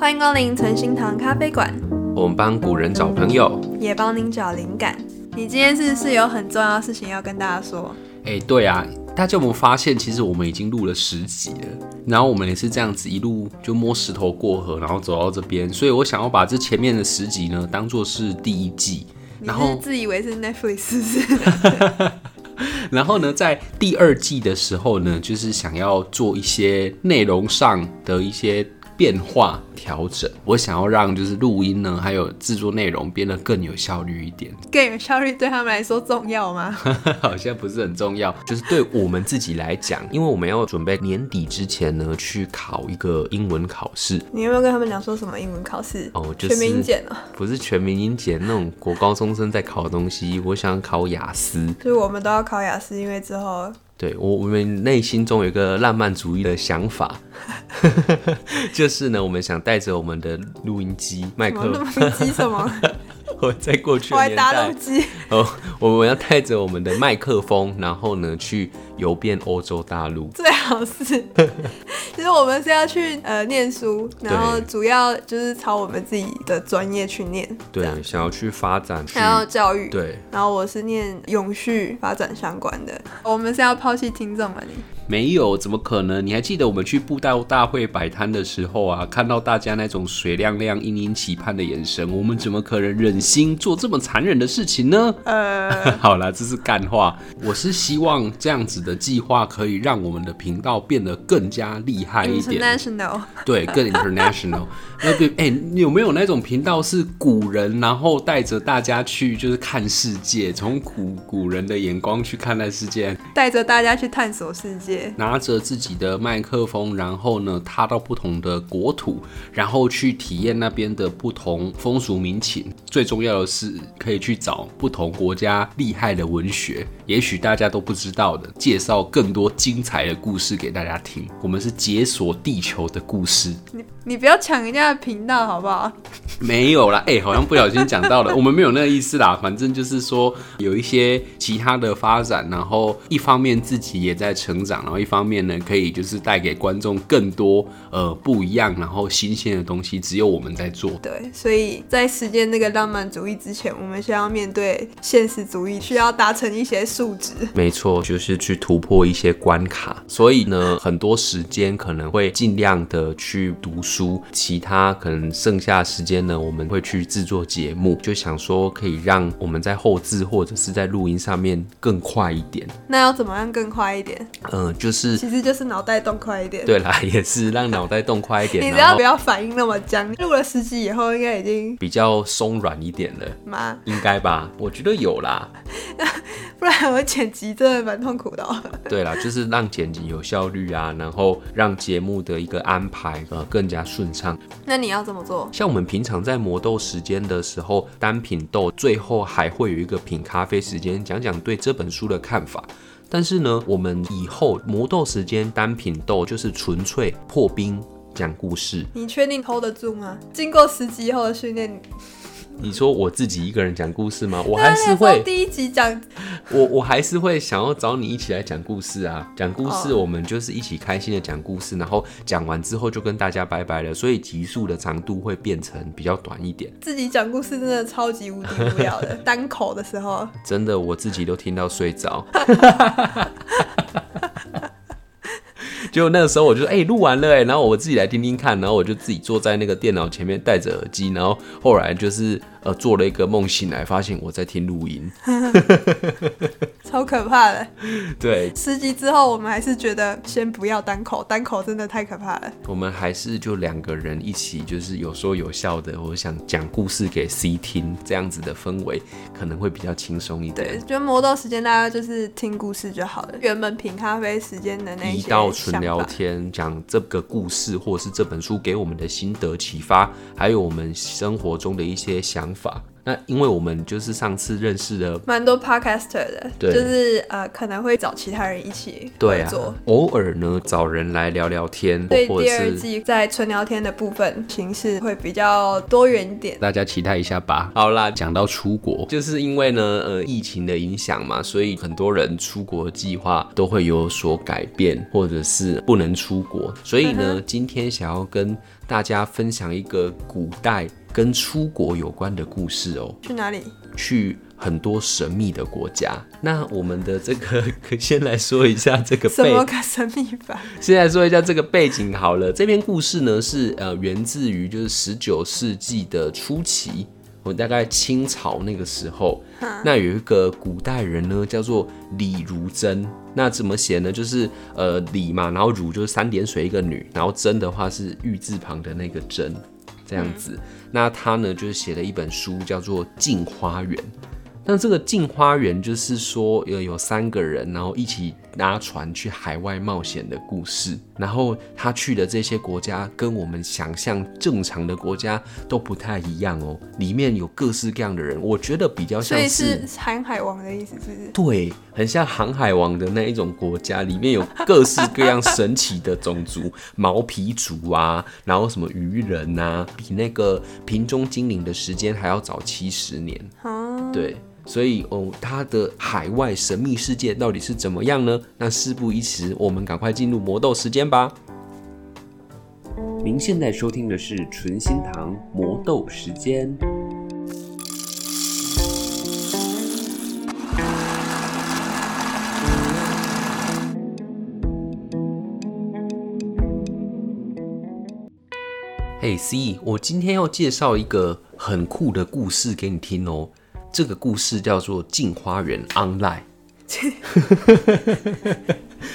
歡迎光臨存心堂咖啡館。我們幫古人找朋友，嗯、也幫您找靈感。你今天是不是有很重要的事情要跟大家說？哎、欸，對啊，大家有沒有發現，其實我們已經錄了十集了。然後我們也是這樣子一路就摸石頭過河，然後走到這邊。所以我想要把這前面的十集呢，當做是第一季。然後你是不是自以為是 Netflix？ 然後呢，在第二季的時候呢，就是想要做一些內容上的一些變化調整，我想要讓就是錄音呢，還有製作內容變得更有效率一點。更有效率對他們來說重要嗎？ 好像不是很重要，就是對我們自己來講，因為我們要準備年底之前呢去考一個英文考試。你有沒有跟他們講說什麼英文考試？哦，就是全民英檢了，哦，不是全民英檢那種國高中生在考的東西。我想考雅思，就是我們都要考雅思，因為之後。對我，我們內心中有一個浪漫主義的想法， 就是呢，我們想帶着我們的錄音機、麥克風，錄音機什麼？ 我在過去年代，我還搭錄機哦，我們要帶着我們的麥克風，然後呢去。遊遍歐洲大陸，最好是， 其實我們是要去呃念書，然後主要就是朝我們自己的專業去念。對，想要去發展，想要教育。對，然後我是念永續發展相關的。我們是要拋棄聽眾嗎？你沒有，怎麼可能？你還記得我們去布袋大，大會擺攤的時候啊，看到大家那種水亮亮、殷殷期盼的眼神，我們怎麼可能忍心做這麼殘忍的事情呢？呃， 好了，這是幹話。我是希望這樣子的。的計劃可以讓我們的頻道變得更加厲害一點，對，更 international， 欸。那對，哎，你有沒有那種頻道是古人，然後帶着大家去，就是看世界，從古古人的眼光去看待世界，帶着大家去探索世界，拿着自己的麥克風，然後呢，踏到不同的國土，然後去體驗那邊的不同風俗民情。最重要的是，可以去找不同國家厲害的文學，也許大家都不知道的。介紹更多精彩的故事給大家聽。我們是解鎖地球的故事。你你不要搶人家的頻道好不好？沒有啦，哎，好像不小心講到了。我們沒有那個意思啦，反正就是說有一些其他的發展，然後一方面自己也在成長，然後一方面呢，可以就是帶給觀眾更多呃不一樣，然後新鮮的東西。只有我們在做。對，所以在實踐那個浪漫主義之前，我們先要面對現實主義，需要達成一些數值。沒錯，就是去。突破一些關卡，所以呢，很多時間可能會盡量的去讀書，其他可能剩下時間呢，我們會去制作節目，就想說可以讓我們在後製或者是在錄音上面更快一點。那要怎麼樣更快一點？嗯，就是其實就是腦袋動快一點。對啦，也是讓腦袋動快一點。 你知道不要反應那麼僵。錄了十集以後，應該已經比較鬆軟一點了。嗎媽？應該吧，我覺得有啦。 不然我剪輯真的蠻痛苦的。 對啦，就是讓剪輯有效率啊，然後讓節目的一個安排呃、啊、更加順暢。那你要怎麼做？像我們平常在磨豆時間的時候，單品豆最後還會有一個品咖啡時間，講講對這本書的看法。但是呢，我們以後磨豆時間單品豆就是純粹破冰講故事。你確定 hold 得住嗎、啊？經過十集後的訓練？你說我自己一個人講故事嗎？ 我還是會第一集講，我我還是會想要找你一起來講故事啊！講故事，我們就是一起開心的講故事，oh. 然後講完之後就跟大家拜拜了。所以集數的長度會變成比較短一點。自己講故事真的超級無敵無聊的， 單口的時候，真的我自己都聽到睡着。 就那個時候，我就誒，錄完了哎，然後我自己來聽聽看，然後我就自己坐在那個電腦前面戴着耳機，然後後來就是。呃，做了一個夢，醒來發現我在聽錄音， 超可怕的。對，十集之後，我們還是覺得先不要單口，單口真的太可怕了。我們還是就兩個人一起，就是有說有笑的。我想講故事給 C 聽，這樣子的氛圍可能會比較輕鬆一點。對，覺得磨豆時間，大家就是聽故事就好了。原本品咖啡時間的那一道純聊天，講這個故事，或者是這本書給我們的心得啟發，還有我們生活中的一些想法。法那，因為我們就是上次認識的蠻多 podcaster 的，對就是呃可能會找其他人一起合作，對啊、偶爾呢找人來聊聊天。對，第二季在純聊天的部分形式會比較多元一點，大家期待一下吧。好啦，講到出國，就是因為呢呃疫情的影響嘛，所以很多人出國計劃都會有所改變，或者是不能出國，所以呢、嗯、哼今天想要跟大家分享一個古代跟出國有關的故事哦。去哪裡？去很多神秘的國家。那我們的這個，先來說一下這個什麼神秘法？先來說一下這個背景好了。這篇故事呢，是呃，源自於就是十九世紀的初期。我大概清朝那個時候，那有一個古代人呢，叫做李汝珍。那怎麼寫呢？就是呃李嘛，然後汝就是三點水一個女，然後珍的話是玉字旁的那個珍，這樣子。那他呢，就是寫了一本書，叫做《鏡花緣》。那這個《鏡花緣》就是說有有三個人，然後一起拿船去海外冒險的故事。然後他去的這些國家，跟我們想象正常的國家都不太一樣哦、喔。裡面有各式各樣的人，我覺得比較像是《航海王》的意思，是不是？對，很像《航海王》的那一種國家，裡面有各式各樣神奇的種族，毛皮族啊，然後什麼魚人啊，比那個《瓶中精靈》的時間還要早七十年。對，所以哦，他的海外神秘世界到底是怎麼樣呢？那事不宜遲，我們趕快進入磨豆時間吧。您現在收聽的是存心堂磨豆時間。嘿，思義，我今天要介紹一個很酷的故事給你聽哦。這個故事叫做《鏡花緣》Online，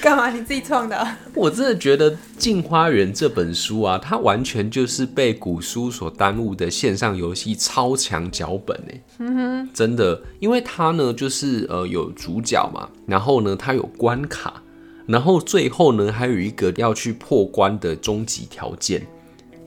幹 嘛？你自己創的？我真的覺得《鏡花緣》這本書啊，它完全就是被古書所耽誤的線上遊戲超強腳本哼、欸，真的，因為它呢，就是呃有主角嘛，然後呢它有關卡，然後最後呢還有一個要去破關的終極條件。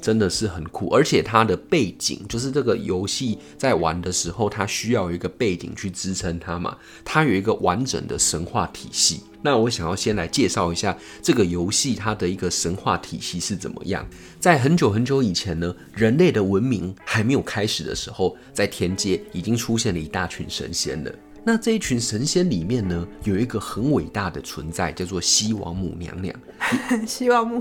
真的是很酷，而且它的背景就是這個遊戲在玩的時候，它需要一個背景去支撐它嘛。它有一個完整的神話體系。那我想要先來介紹一下這個遊戲它的一個神話體系是怎麼樣。在很久很久以前呢，人類的文明還沒有開始的時候，在天界已經出現了一大群神仙了。那這一群神仙裡面呢，有一個很偉大的存在，叫做西王母娘娘。 西王母？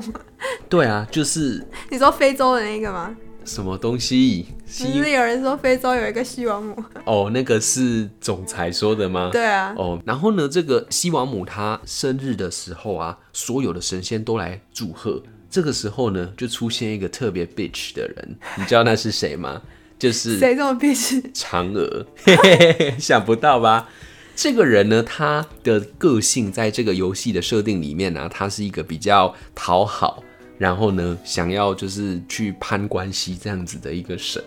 對啊，就是你說非洲的那個嗎？什麼東西？西，是不是有人說非洲有一個西王母？哦，oh, 那個是總裁說的嗎？ 對啊。哦，oh, 然後呢，這個西王母她生日的時候啊，所有的神仙都來祝賀。這個時候呢，就出現一個特別 bitch 的人，你知道那是誰嗎？ 就是誰這麼憋屈？嫦娥， 想不到吧？這個人呢，他的個性在這個遊戲的設定裡面呢、啊，他是一個比較討好，然後呢，想要就是去攀關係這樣子的一個神，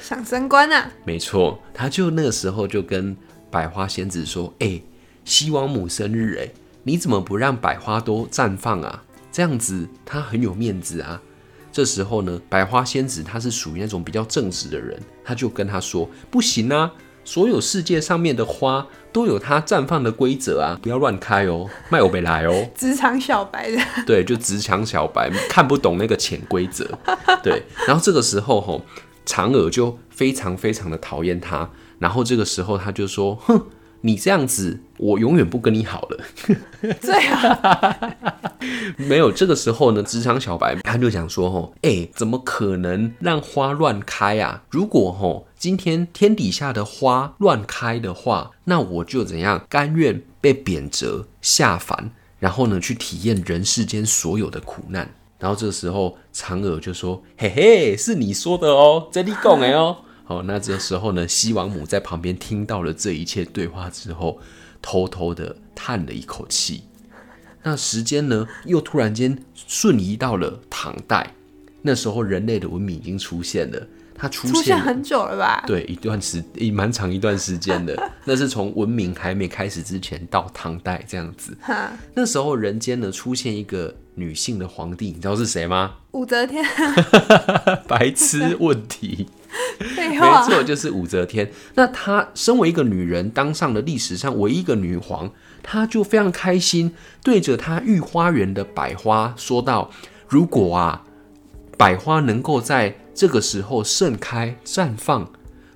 想升官啊？沒錯，他就那個時候就跟百花仙子說：“哎、欸，西王母生日、欸，哎，你怎麼不讓百花都綻放啊？這樣子他很有面子啊。”這時候呢，百花仙子她是屬於那種比較正直的人，他就跟他說：“不行啊，所有世界上面的花都有它綻放的規則啊，不要亂開哦，麥黑白來哦。”職場小白的，對，就職場小白 看不懂那個潛規則，對。然後這個時候吼、哦、嫦娥就非常非常的討厭他，然後這個時候他就說：“哼。”你這樣子，我永遠不跟你好了。 這樣，沒有這個時候呢，職場小白他就想說：“哦，哎，怎麼可能讓花亂開啊？如果今天天底下的花亂開的話，那我就怎樣，甘願被貶謫下凡，然後呢去體驗人世間所有的苦難。”然後這個時候嫦娥就說：“嘿嘿，是你說的哦，這你講的哦。” 好、哦，那這時候呢，西王母在旁邊聽到了這一切對話之後，偷偷的嘆了一口氣。那時間呢，又突然間瞬移到了唐代。那時候人類的文明已經出現了，它出現，了出現很久了吧？對，一段時，一、欸、蠻長一段時間的。 那是從文明還沒開始之前到唐代這樣子。那時候人間呢，出現一個女性的皇帝，你知道是誰嗎？武則天、啊。 白痴問題。 沒錯，就是武則天。那她身為一個女人，當上了歷史上唯一一個女皇，她就非常開心，對着她御花園的百花說道：“如果啊，百花能夠在這個時候盛開綻放，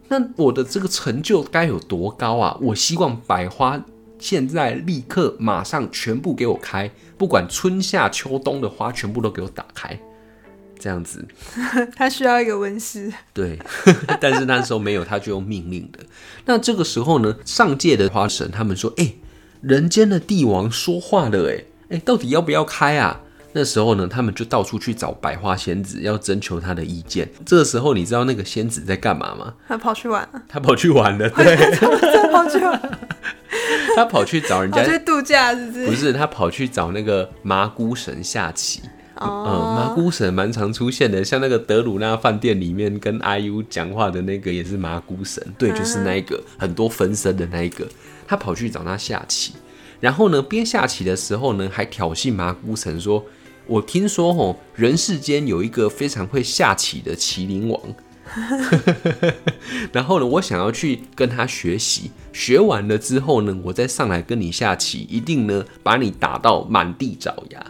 那我的這個成就該有多高啊！我希望百花現在立刻馬上全部給我開，不管春夏秋冬的花，全部都給我打開。”這樣子，他需要一個溫室。對，但是那時候沒有，他就用命令的。那這個時候呢，上界的花神他們說：“哎，人間的帝王說話了，哎，哎，到底要不要開啊？”那時候呢，他們就到處去找百花仙子，要徵求他的意見。這時候，你知道那個仙子在幹嘛嗎？他跑去玩。他跑去玩了。對，他跑去玩。他跑去找人家去度假，是不是？不是，他跑去找那個麻姑神下棋。嗯，麻姑神蠻常出現的，像那個德魯納飯店裡面跟 IU 講話的那個也是麻姑神，對，就是那一個很多分身的那一個。他跑去找他下棋，然後呢邊下棋的時候呢還挑釁麻姑神說：“我聽說哦，人世間有一個非常會下棋的麒麟王， 然後呢我想要去跟他學習，學完了之後呢我再上來跟你下棋，一定呢把你打到滿地找牙。”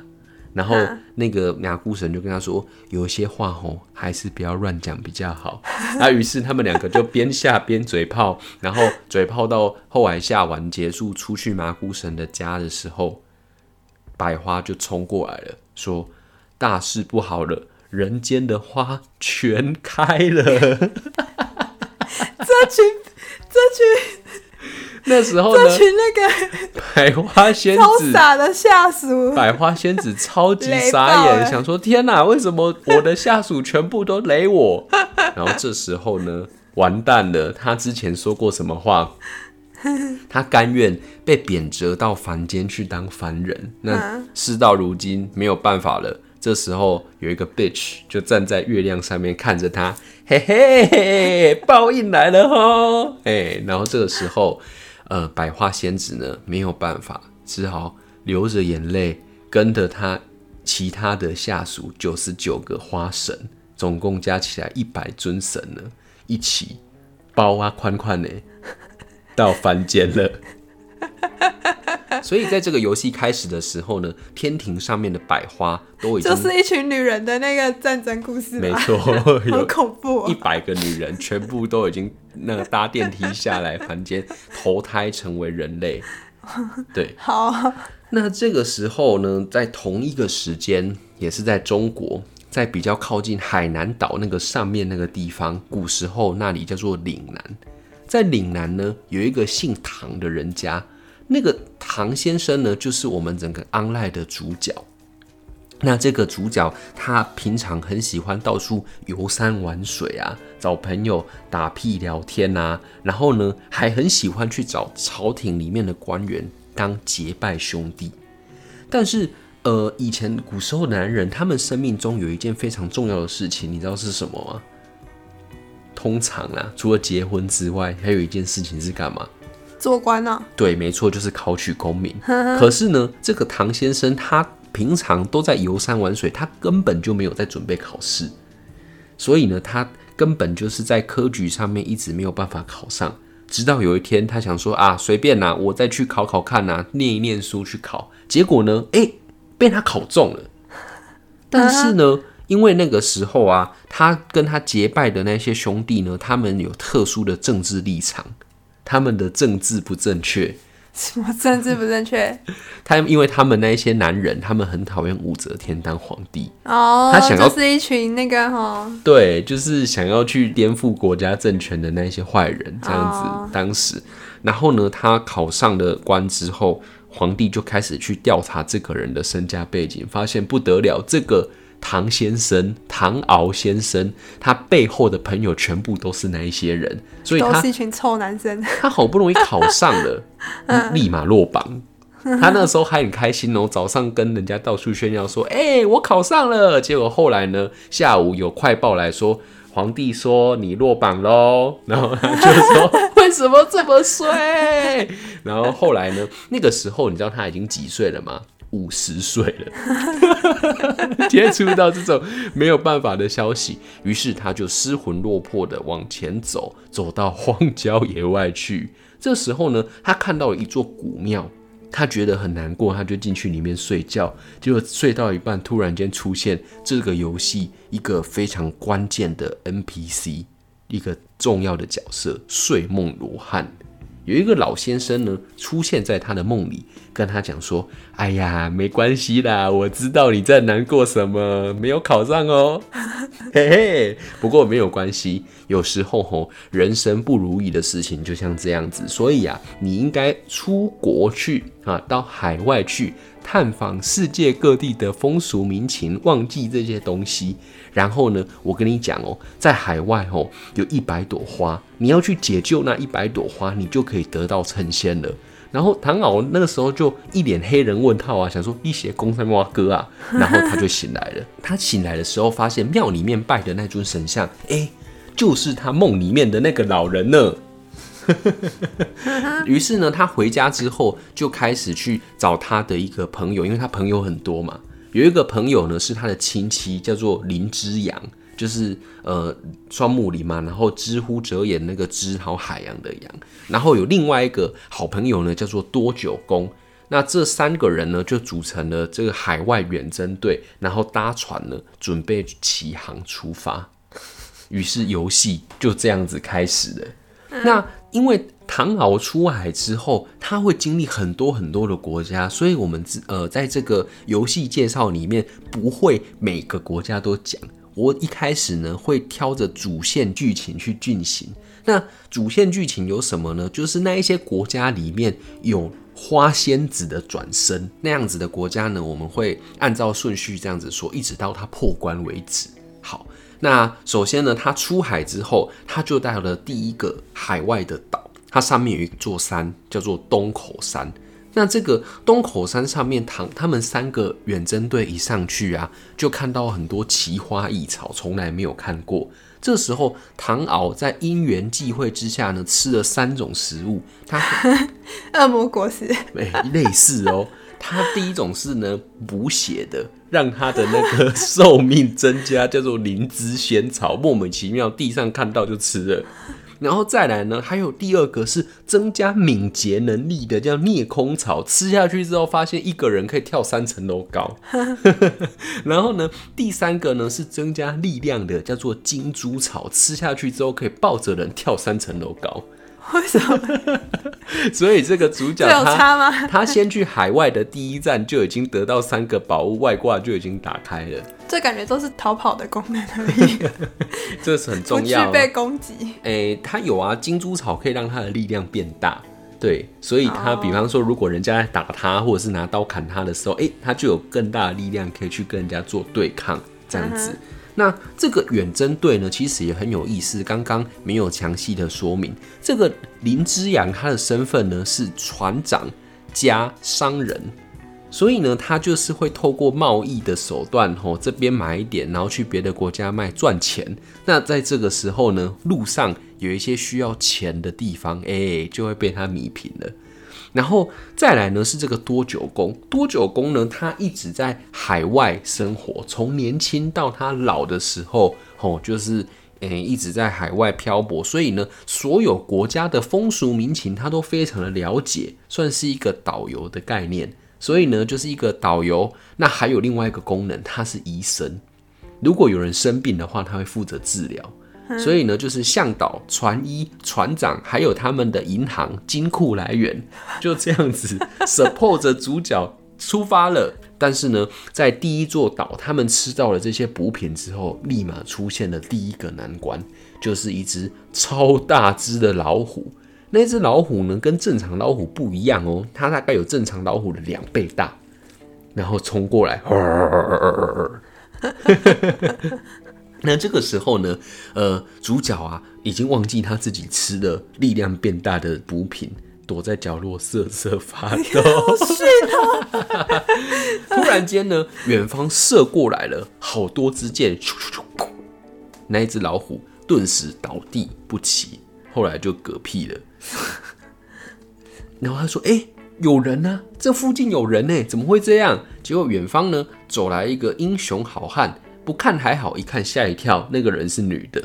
然後那個麻姑神就跟他說：“有些話哦，還是不要亂講比較好。” 啊，於是他們兩個就邊下邊嘴炮，然後嘴炮到後來下完結束，出去麻姑神的家的時候，百花就衝過來了，說：“大事不好了，人間的花全開了。 ”哈這群，這群。那時候呢，這群那個百花仙子傻的下屬。百花仙子超級傻眼，想說天哪，為什麼我的下屬全部都雷我？ 然後這時候呢，完蛋了。他之前說過什麼話？ 他甘願被貶謫到凡間去當凡人。啊、那事到如今沒有辦法了。這時候有一個 bitch 就站在月亮上面看着他。嘿嘿嘿，報應來了吼！哎，然後這個時候，呃，百花仙子呢，沒有辦法，只好流着眼淚，跟着他其他的下屬九十九個花神，總共加起來一百尊神呢，一起包啊寬寬的到凡間了。所以在這個遊戲開始的時候呢，天庭上面的百花都已經就是一群女人的那個戰爭故事嗎？沒錯，好恐怖，一百個女人全部都已經那個搭電梯下來凡間投胎成為人類，對，好，哦，那這個時候呢，在同一個時間，也是在中國，在比較靠近海南島那個上面那個地方，古時候那裡叫做嶺南。在嶺南呢，有一個姓唐的人家，那個唐先生呢，就是我們整個安賴的主角。那這個主角，他平常很喜歡到處遊山玩水啊，找朋友打屁聊天啊，然後呢，還很喜歡去找朝廷裡面的官員當結拜兄弟。但是，呃，以前古時候的男人，他們生命中有一件非常重要的事情，你知道是什麼嗎？通常啊，除了結婚之外，還有一件事情是幹嘛？做官吶、啊？對，沒錯，就是考取功名。呵呵。可是呢，這個唐先生他平常都在遊山玩水，他根本就沒有在準備考試。所以呢，他根本就是在科舉上面一直沒有辦法考上。直到有一天，他想說啊，隨便啦、啊，我再去考考看吶、啊，念一念書去考。結果呢，哎、欸，被他考中了。呵呵。但是呢。因為那個時候啊，他跟他結拜的那些兄弟呢，他們有特殊的政治立場，他們的政治不正確。什麼政治不正確？他因為他們那一些男人，他們很討厭武則天當皇帝哦。他想要是一群那個、哦、對，就是想要去顛覆國家政權的那一些壞人這樣子。哦、當時，然後呢，他考上了官之後，皇帝就開始去調查這個人的身家背景，發現不得了，這個。唐先生，唐敖先生，他背後的朋友全部都是那一些人，所以他都是一群臭男生。他好不容易考上了， 立馬落榜。他那時候還很開心哦，早上跟人家到處炫耀說：“哎、 欸，我考上了。”結果後來呢，下午有快報來說，皇帝說你落榜嘍。然後他就說：“ 為什麼這麼衰？” 然後後來呢，那個時候你知道他已經幾歲了嗎？五十歲了， 接觸到這種沒有辦法的消息，於是他就失魂落魄的往前走，走到荒郊野外去。這時候呢，他看到了一座古廟，他覺得很難過，他就進去裡面睡覺。結果睡到一半，突然間出現這個遊戲一個非常關鍵的 NPC，一個重要的角色——睡夢羅漢。有一個老先生呢，出現在他的夢裡，跟他講說：“哎呀，沒關係啦，我知道你在難過什麼，沒有考上哦。嘿嘿，不過沒有關係，有時候哦，人生不如意的事情就像這樣子，所以啊，你應該出國去啊，到海外去探訪世界各地的風俗民情，忘記這些東西。”然後呢，我跟你講哦，在海外哦，有一百朵花，你要去解救那一百朵花，你就可以得到成仙了。然後唐敖那個時候就一臉黑人問號啊，想說一鞋公三花哥啊，然後他就醒來了。 他醒來的時候發現廟裡面拜的那尊神像，哎，就是他夢裡面的那個老人呢。 於是呢，他回家之後就開始去找他的一個朋友，因為他朋友很多嘛。有一個朋友呢，是他的親戚，叫做林之洋，就是呃雙木林嘛，然後之乎者也那個之，好海洋的洋，然後有另外一個好朋友呢，叫做多九公，那這三個人呢就組成了這個海外遠征隊，然後搭船呢準備起航出發，於是遊戲就這樣子開始的，那、嗯。因為唐敖出海之後，他會經歷很多很多的國家，所以我們之呃，在這個遊戲介紹裡面不會每個國家都講。我一開始呢會挑着主線劇情去進行。那主線劇情有什麼呢？就是那一些國家裡面有花仙子的轉生那樣子的國家呢，我們會按照順序這樣子說，一直到他破關為止。那首先呢，他出海之後，他就到了第一個海外的島，它上面有一座山，叫做東口山。那這個東口山上面唐他，他們三個遠征隊一上去啊，就看到很多奇花異草，從來沒有看過。這時候唐敖在因緣際會之下呢，吃了三種食物，他惡 魔果實，哎、欸，類似哦。他第一種是呢補血的。讓他的那個壽命增加，叫做靈芝仙草，莫名其妙地上看到就吃了。然後再來呢，還有第二個是增加敏捷能力的，叫躡空草，吃下去之後發現一個人可以跳三層樓高。 然後呢，第三個呢是增加力量的，叫做金珠草，吃下去之後可以抱着人跳三層樓高。為什麼？ 所以這個主角他，這有差嗎？他先去海外的第一站就已經得到三個寶物，外掛就已經打開了。這感覺都是逃跑的功能而已。 這是很重要的。不具攻擊。哎、欸，他有啊，金豬草可以讓他的力量變大。對，所以他比方說，如果人家在打他或者是拿刀砍他的時候，哎、oh. 欸，他就有更大的力量可以去跟人家做對抗，這樣子。Uh huh. 那這個遠征隊呢，其實也很有意思。剛剛沒有詳細的說明，這個林之洋他的身份呢是船長加商人，所以呢他就是會透過貿易的手段，吼、哦、這邊買一點，然後去別的國家賣賺錢。那在這個時候呢，路上有一些需要錢的地方，哎，就會被他弭平了。然後再來呢是這個多九公，多九公呢，他一直在海外生活，從年輕到他老的時候，吼、哦，就是，誒、欸、一直在海外漂泊，所以呢，所有國家的風俗民情他都非常的了解，算是一個導遊的概念。所以呢，就是一個導遊。那還有另外一個功能，他是醫生，如果有人生病的話，他會負責治療。所以呢，就是嚮導、船醫、船長，還有他們的銀行金庫來源，就這樣子 support 着主角出發了。但是呢，在第一座島，他們吃到了這些補品之後，立馬出現了第一個難關，就是一隻超大隻的老虎。那隻老虎呢，跟正常老虎不一樣哦，它大概有正常老虎的兩倍大，然後衝過來。 那這個時候呢，呃，主角啊，已經忘記他自己吃了力量變大的補品，躲在角落瑟瑟發抖。是的。突然間呢，遠方射過來了好多支箭，咻咻咻咻，那一隻老虎頓時倒地不起，後來就嗝屁了。然後他說：“哎、欸，有人啊，這附近有人呢，怎麼會這樣？”結果遠方呢，走來一個英雄好漢。不看還好，一看嚇一跳。那個人是女的。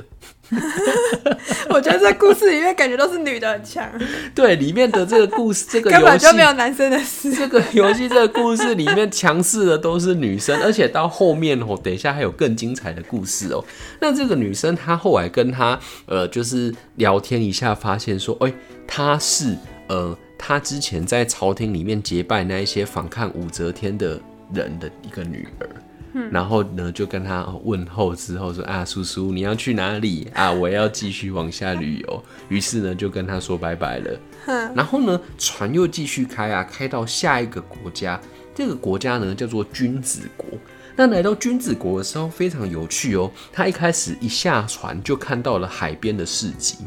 我覺得這故事裡面，感覺都是女的很強。 對，裡面的這個故事，這個 根本就沒有男生的事， 這個遊戲這個故事裡面強勢的都是女生，而且到後面哦，等一下還有更精彩的故事哦。那這個女生她後來跟他呃，就是聊天一下，發現說，哎，她是呃，她之前在朝廷裡面結拜那一些反抗武則天的人的一個女兒。然後呢，就跟他問候之後說：“啊，叔叔，你要去哪裡啊？我要繼續往下旅遊。”於是呢，就跟他說拜拜了。嗯、然後呢，船又繼續開啊，開到下一個國家。這個國家呢，叫做君子國。那來到君子國的時候，非常有趣哦。他一開始一下船，就看到了海邊的市集。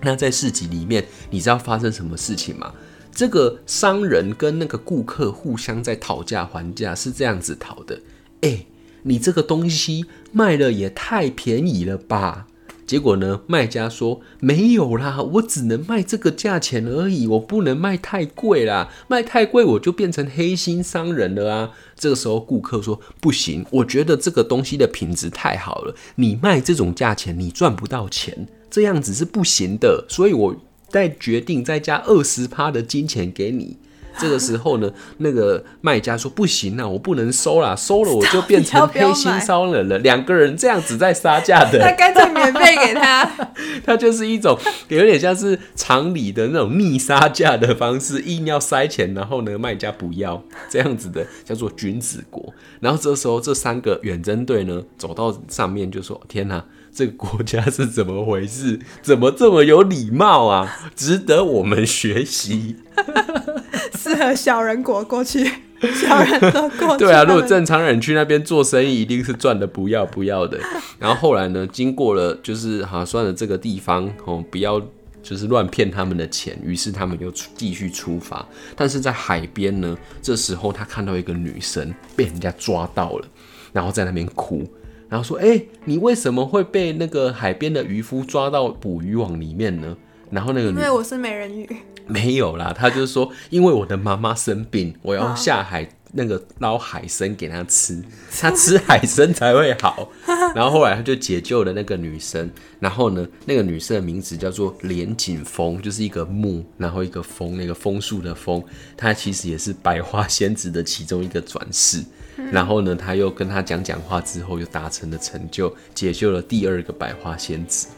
那在市集裡面，你知道發生什麼事情嗎？這個商人跟那個顧客互相在討價還價，是這樣子討的。哎、欸，你這個東西賣了也太便宜了吧？結果呢，賣家說沒有啦，我只能賣這個價錢而已，我不能賣太貴啦，賣太貴我就變成黑心商人了啊。這個時候，顧客說不行，我覺得這個東西的品質太好了，你賣這種價錢你賺不到錢，這樣子是不行的，所以我再決定再加二十趴的金錢給你。這個時候呢，那個賣家說不行啊，我不能收啦。收了我就變成黑心商人了。要要兩個人這樣子在殺價的， 他乾脆免費給他。 他就是一種有點像是常理的那種逆殺價的方式，硬要塞錢，然後呢，賣家不要這樣子的，叫做君子國。然後這時候這三個遠征隊呢，走到上面就說：天哪，這個國家是怎麼回事？怎麼這麼有禮貌啊？值得我們學習。 適合小人國過去，小人都過去。 對啊，如果正常人去那邊做生意，一定是賺的不要不要的。然後後來呢，經過了就是好像，啊，算了這個地方哦，不要就是亂騙他們的錢。於是他們就繼續出發。但是在海邊呢，這時候他看到一個女生被人家抓到了，然後在那邊哭，然後說：“哎，欸，你為什麼會被那個海邊的漁夫抓到捕魚網裡面呢？”然後那個女因為我是美人魚。沒有啦，他就是說，因為我的媽媽生病，我要下海那個撈海參給她吃，她吃海參才會好。然後後來她就解救了那個女生，然後呢，那個女生的名字叫做廉錦楓，就是一個木，然後一個風，那個楓樹的楓，她其實也是百花仙子的其中一個轉世。然後呢，她又跟她講講話之後，就達成了成就，解救了第二個百花仙子。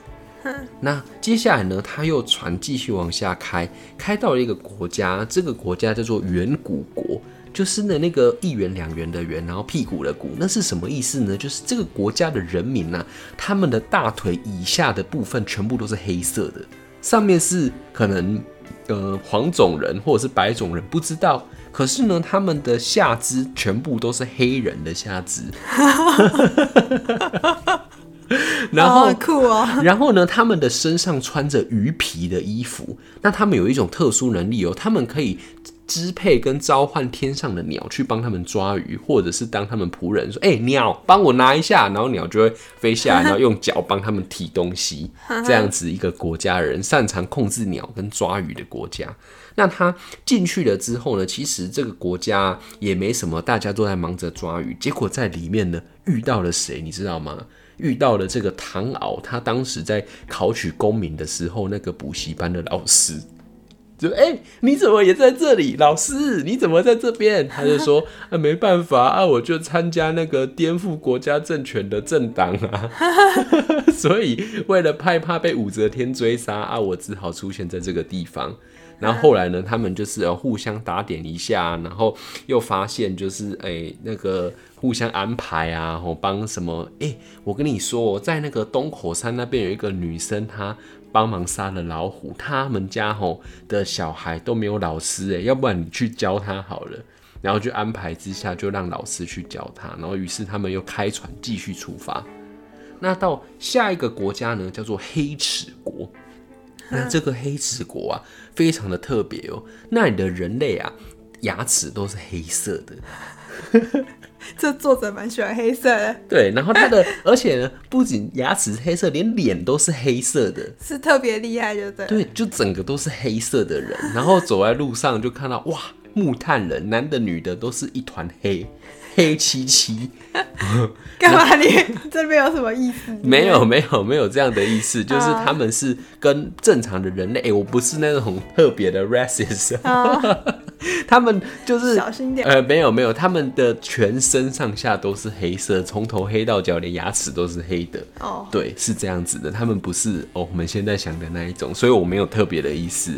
那接下來呢？他又船繼續往下開，開到了一個國家，這個國家叫做元股國，就是呢那個一元兩元的元，然後屁股的股，那是什麼意思呢？就是這個國家的人民呢、啊，他們的大腿以下的部分全部都是黑色的，上面是可能呃黃種人或者是白種人，不知道，可是呢，他們的下肢全部都是黑人的下肢。 然後，Oh, cool. 然後呢，他們的身上穿着魚皮的衣服。那他們有一種特殊能力哦，他們可以支配跟召喚天上的鳥去幫他們抓魚，或者是當他們僕人說：“哎、欸，鳥幫我拿一下。”然後鳥就會飛下來，然後用腳幫他們提東西。 這樣子，一個國家人擅長控制鳥跟抓魚的國家。那他進去了之後呢，其實這個國家也沒什麼，大家都在忙着抓魚。結果在裡面呢，遇到了誰？你知道嗎？遇到了這個唐敖，他當時在考取功名的時候，那個補習班的老師就說：“哎、欸，你怎麼也在這裡？老師，你怎麼在這邊？”他就說：“啊，沒辦法啊，我就參加那個顛覆國家政權的政黨啊， 所以為了害怕被武則天追殺啊，我只好出現在這個地方。然後後來呢，他們就是要互相打點一下，然後又發現就是哎、欸、那個。”互相安排啊，吼，幫什麼？哎、欸，我跟你說、喔，在那個東口山那邊有一個女生，她幫忙殺了老虎。他們家吼、喔、的小孩都沒有老師、欸，誒，要不然你去教他好了。然後就安排之下，就讓老師去教他。然後於是他們又開船繼續出發。那到下一個國家呢，叫做黑齒國。那這個黑齒國啊，非常的特別哦、喔。那裡的人類啊，牙齒都是黑色的。 這作者蠻喜歡黑色的，對。然後他的，而且呢，不僅牙齒是黑色，連臉都是黑色的，是特別厲害就，就在對？對，就整個都是黑色的人，然後走在路上就看到，哇，木炭人，男的女的都是一團黑，黑漆漆。幹 嘛你？你 這邊有什麼意思？沒有，沒有，沒有這樣的意思，oh. 就是他們是跟正常的人類，欸、我不是那種特別的 racist。Oh. 他們就是小心點，呃，沒有沒有，他們的全身上下都是黑色，從頭黑到腳，連牙齒都是黑的。哦，對，是這樣子的，他們不是哦，我們現在想的那一種，所以我沒有特別的意思。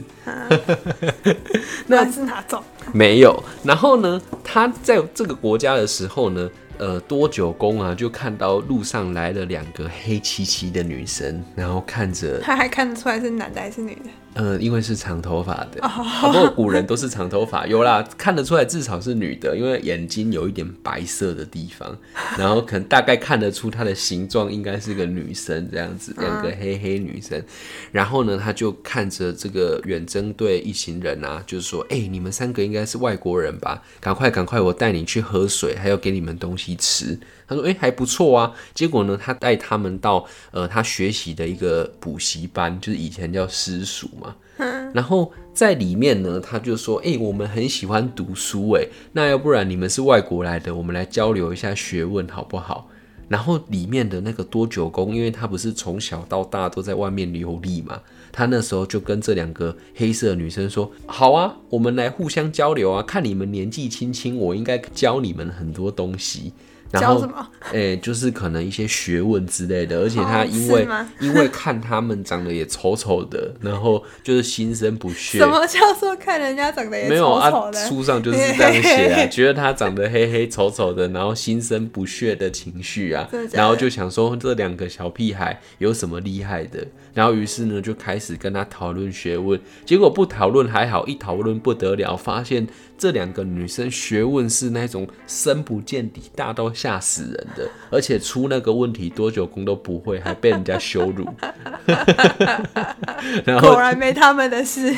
那是哪種？沒有。然後呢，他在這個國家的時候呢，呃，多九公啊，就看到路上來了兩個黑漆漆的女生，然後看着，他還看得出來是男的還是女的？嗯，因為是長頭髮的，oh. 好，不過古人都是長頭髮，有啦，看得出來至少是女的，因為眼睛有一點白色的地方，然後可能大概看得出她，的形狀應該是個女生這樣子，兩個黑黑女生，然後呢，她就看着這個遠征隊一行人啊，就是說，哎、欸，你們三個應該是外國人吧？趕快趕快，快，我帶你去喝水，還要給你們東西吃。他說：“誒、欸，還不錯啊。”結果呢，他帶他們到呃，他學習的一個補習班，就是以前叫私塾嘛。然後在裡面呢，他就說：“誒、欸，我們很喜歡讀書，誒，那要不然你們是外國來的，我們來交流一下學問，好不好？”然後裡面的那個多九公，因為他不是從小到大都在外面遊歷嘛，他那時候就跟這兩個黑色的女生說：“好啊，我們來互相交流啊，看你們年紀輕輕，我應該教你們很多東西。”教什麼？哎、欸，就是可能一些學問之類的，而且他因為、哦、 因為看他們長得也醜丑的，然後就是心生不屑。什麼叫做看人家長得也醜丑的？沒有啊，書上就是這樣寫啊， 覺得他長得黑黑醜丑的，然後心生不屑的情緒啊，真的假的？然後就想說這兩個小屁孩有什麼厲害的？然後於是呢，就開始跟他討論學問，結果不討論還好，一討論不得了，發現。這兩個女生學問是那種深不見底、大到嚇死人的，而且出那個問題多九公都不會，還被人家羞辱。 然後果然沒他們的事，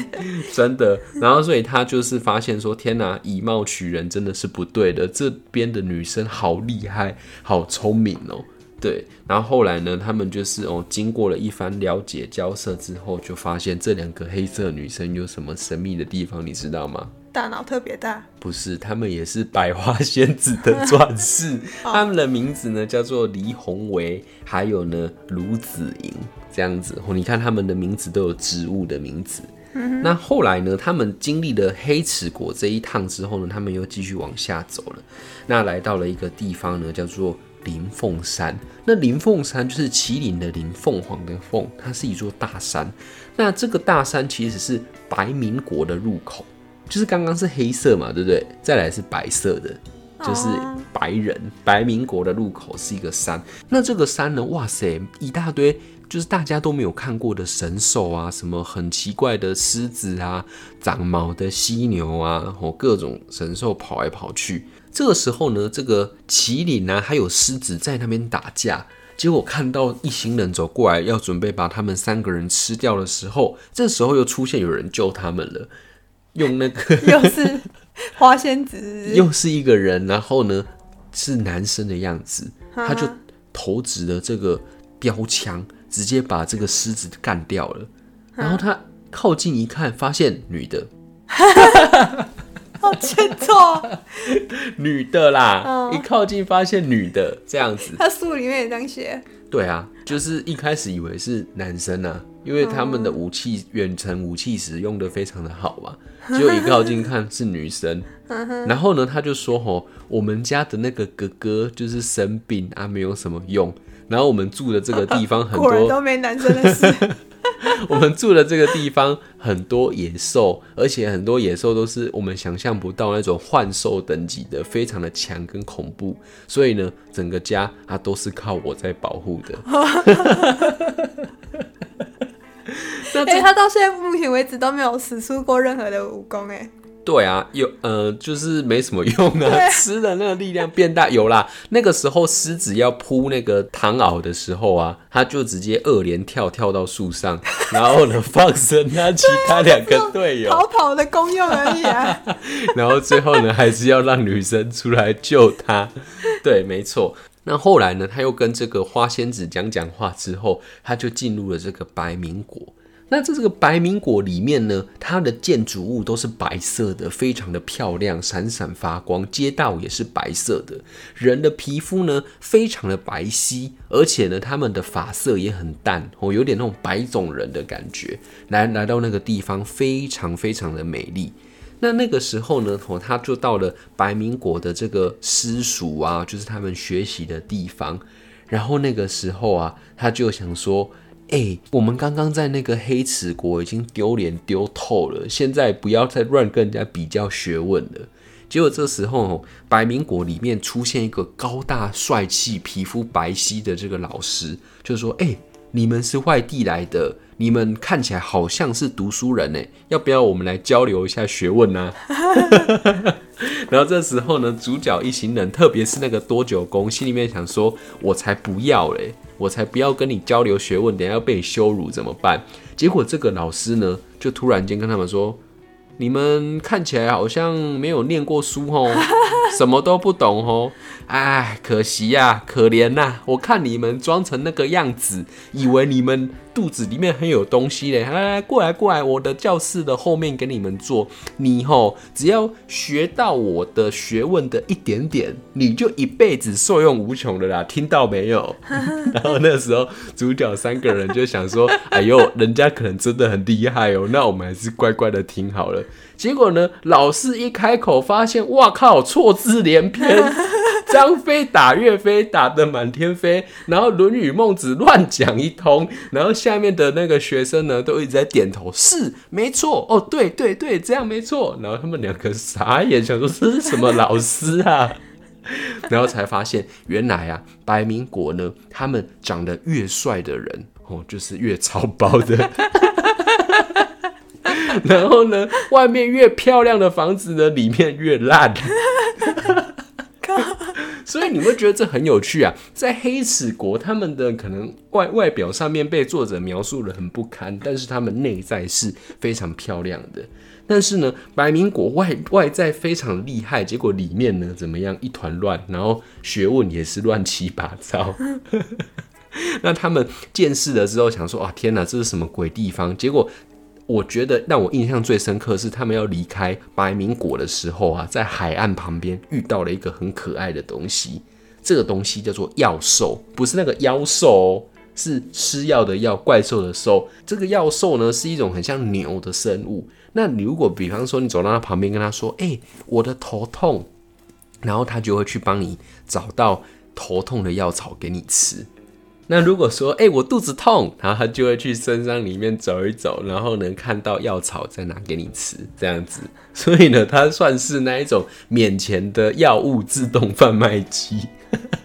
真的。然後所以他就是發現說：“天哪，以貌取人真的是不對的。”這邊的女生好厲害，好聰明哦。對，然後後來呢，他們就是哦，經過了一番了解、交涉之後，就發現這兩個黑色女生有什麼神秘的地方，你知道嗎？大腦特別大，不是，他們也是百花仙子的轉世。 他們的名字呢叫做黎紅薇，還有呢盧子瑩，這樣子，哦。你看他們的名字都有植物的名字。嗯、哼那後來呢，他們經歷了黑齒國這一趟之後呢，他們又繼續往下走了。那來到了一個地方呢，叫做麟鳳山。那麟鳳山就是麒麟的麟鳳凰的鳳，它是一座大山。那這個大山其實是白民國的入口。就是剛剛是黑色嘛，對不對？再來是白色的，就是白人白民國的路口是一個山。那這個山呢，哇塞，一大堆就是大家都沒有看過的神獸啊，什麼很奇怪的獅子啊，長毛的犀牛啊，然後各種神獸跑來跑去。這個時候呢，這個麒麟呢、啊、還有獅子在那邊打架，結果看到一行人走過來要準備把他們三個人吃掉的時候，這個、時候又出現有人救他們了。用那個， 又是花仙子，又是一個人，然後呢是男生的樣子，哈他就投擲了這個標槍，直接把這個獅子幹掉了。哈然後他靠近一看，發現女的，好接錯，女的啦。嗯、一靠近發現女的，這樣子。他書裡面也這樣寫對啊，就是一開始以為是男生呢、啊。因為他們的武器，遠程武器使用的非常的好嘛，結果一靠近看是女生。然後呢，他就說：“吼，我們家的那個哥哥就是神兵啊，沒有什麼用。然後我們住的這個地方很多都沒男生的事。 我們住的這個地方很多野獸，而且很多野獸都是我們想象不到那種幻獸等級的，非常的強跟恐怖。所以呢，整個家它都是靠我在保護的。” 所以 這、欸、他到現在目前為止都沒有使出過任何的武功哎。對啊，有呃，就是沒什麼用對啊。吃的那個力量變大有啦。那個時候獅子要撲那個唐敖的時候啊，他就直接二連跳跳到樹上，然後呢放生他其他兩個隊友、啊、逃跑的功用而已啊。 然後最後呢，還是要讓女生出來救他。對，沒錯。那後來呢，他又跟這個花仙子講講話之後，他就進入了這個白民國。那在這個白民國裡面呢，它的建築物都是白色的，非常的漂亮，閃閃發光。街道也是白色的，人的皮膚呢非常的白皙，而且呢他們的髮色也很淡，哦，有點那種白種人的感覺。來來到那個地方，非常非常的美麗。那那個時候呢，哦，他就到了白民國的這個私塾啊，就是他們學習的地方。然後那個時候啊，他就想說。哎、欸，我們剛剛在那個黑池國已經丟臉丟透了，現在不要再亂跟人家比較學問了。結果這時候，白民國裡面出現一個高大帥氣、皮膚白皙的這個老師，就說：“哎、欸，你們是外地來的，你們看起來好像是讀書人，要不要我們來交流一下學問呢、啊？” 然後這時候呢，主角一行人，特別是那個多九公，心裡面想說：“我才不要嘞。”我才不要跟你交流學問，等下要被羞辱怎麼辦？結果這個老師呢，就突然間跟他們說：“你們看起來好像沒有念過書哦， 什麼都不懂哦。”哎，可惜呀！啊，可憐吶！啊！我看你們裝成那個樣子，以為你們肚子裡面很有東西嘞。來來，過來過來，我的教室的後面給你們坐。你吼，喔，只要學到我的學問的一點點，你就一輩子受用無窮的啦，聽到沒有？ 然後那時候主角三個人就想說，哎呦，人家可能真的很厲害哦，喔，那我們還是乖乖的聽好了。結果呢，老師一開口，發現哇靠，錯字連篇。張飛打岳飛打得滿天飛，然後《論語》《孟子》亂講一通，然後下面的那個學生呢，都一直在點頭，是，沒錯，哦，對對對，這樣沒錯。然後他們兩個傻眼，想說這是什麼老師啊？ 然後才發現，原來啊，白民國呢，他們長得越帥的人，哦，就是越草包的。 然後呢，外面越漂亮的房子呢，裡面越爛。 所以你會覺得這很有趣啊？在黑齒國，他們的可能外外表，上面被作者描述得很不堪，但是他們內在是非常漂亮的。但是呢，白民國外外在非常厲害，結果裡面呢怎麼樣？一團亂，然後學問也是亂七八糟。 那他們見識了之後，想說啊，天哪，這是什麼鬼地方？結果。我覺得讓我印象最深刻的是他們要離開白明國的時候啊，在海岸旁邊遇到了一個很可愛的東西，這個東西叫做藥獸，不是那個妖獸，哦，是吃藥的藥怪獸的獸。這個藥獸呢是一種很像牛的生物。那你如果比方說你走到它旁邊跟它說：“哎、欸，我的頭痛”，然後它就會去幫你找到頭痛的藥草給你吃。那如果說，哎、欸，我肚子痛，然後他就會去深山裡面走一走，然後能看到藥草再拿給你吃，這樣子。所以呢，他算是那一種免錢的藥物自動販賣機，